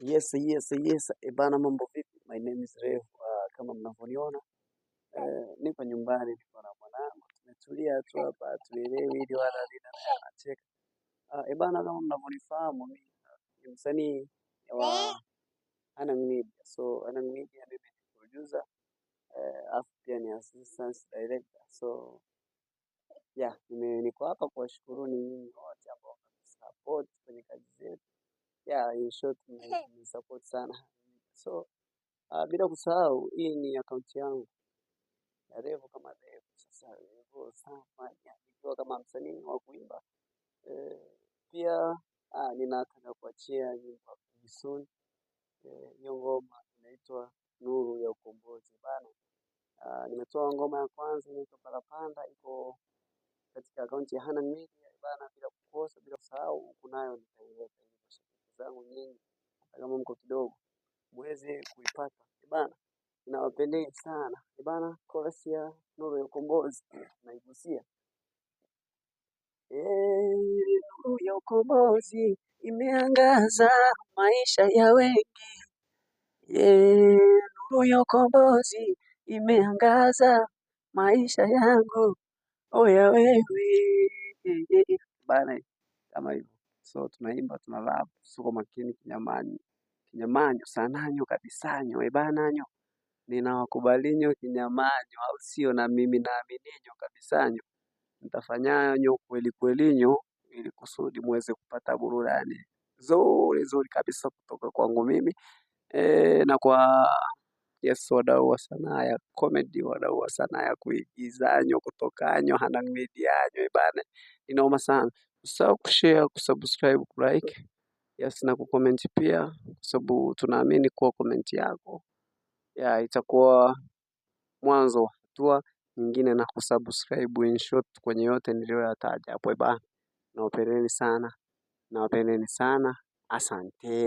Yes, yes, yes. Ebana, eh, mambo vipi? My name is Rev. Uh, kama mnavyoniona uh, niko nyumbani, niko na mwanangu, tumetulia tu hapa, hatuelewi ili wala lina, anacheka uh, ah, ebana, eh, kama mnavyonifahamu mimi ni msanii wa Hanang Media. So Hanang Media mimi ni producer uh, afu pia ni assistant director. So yeah, niko hapa kuwashukuruni nyinyi wote ambao support kwenye kazi zetu yeah, in short ni support sana. So uh, bila kusahau hii ni akaunti yangu ya Revo kama Revo. Sasa Revo sana nikiwa kama msanii wa kuimba e, pia ah, ninataka kuachia nyimbo soon eh, hiyo e, ngoma inaitwa Nuru ya Ukombozi bana. Uh, nimetoa ngoma ya kwanza inaitwa Parapanda, iko katika akaunti ya Hana Media bana, bila kukosa, bila kusahau, huku nayo nitaiweka zangu nyingi, hata kama mko kidogo muweze kuipata eh bana. Ninawapendeni sana eh bana. Kolasi Nuru ya Ukombozi naigusia. Eh, nuru ya ukombozi imeangaza maisha ya wengi. nuru ya ukombozi imeangaza maisha yangu, oya wewe bana, kama hivyo. So tunaimba tuna rap, suko makini kinyamanyo. Kinyamanyo sananyo kabisanyo, e eh, bananyo. Ninawakubalinyo kinyamanyo, au sio? Na mimi naamininyo kabisanyo. Nitafanyanyo kweli kwelinyo ili kusudi muweze kupata burudani zuri zuri kabisa kutoka kwangu mimi e, na kwa yes, wadau wa sanaa ya comedy, wadau wa sanaa ya kuigizanyo kutokanyo hanang medianyo ibana, eh, inaoma sana. Usisahau kushare, kusubscribe, kulike yes, na kucomment pia, kwa sababu tunaamini kuwa komenti yako ya itakuwa mwanzo wa hatua nyingine, na kusubscribe in short kwenye yote niliyoyataja hapo bana. Nawapendeni sana, nawapendeni sana, asante.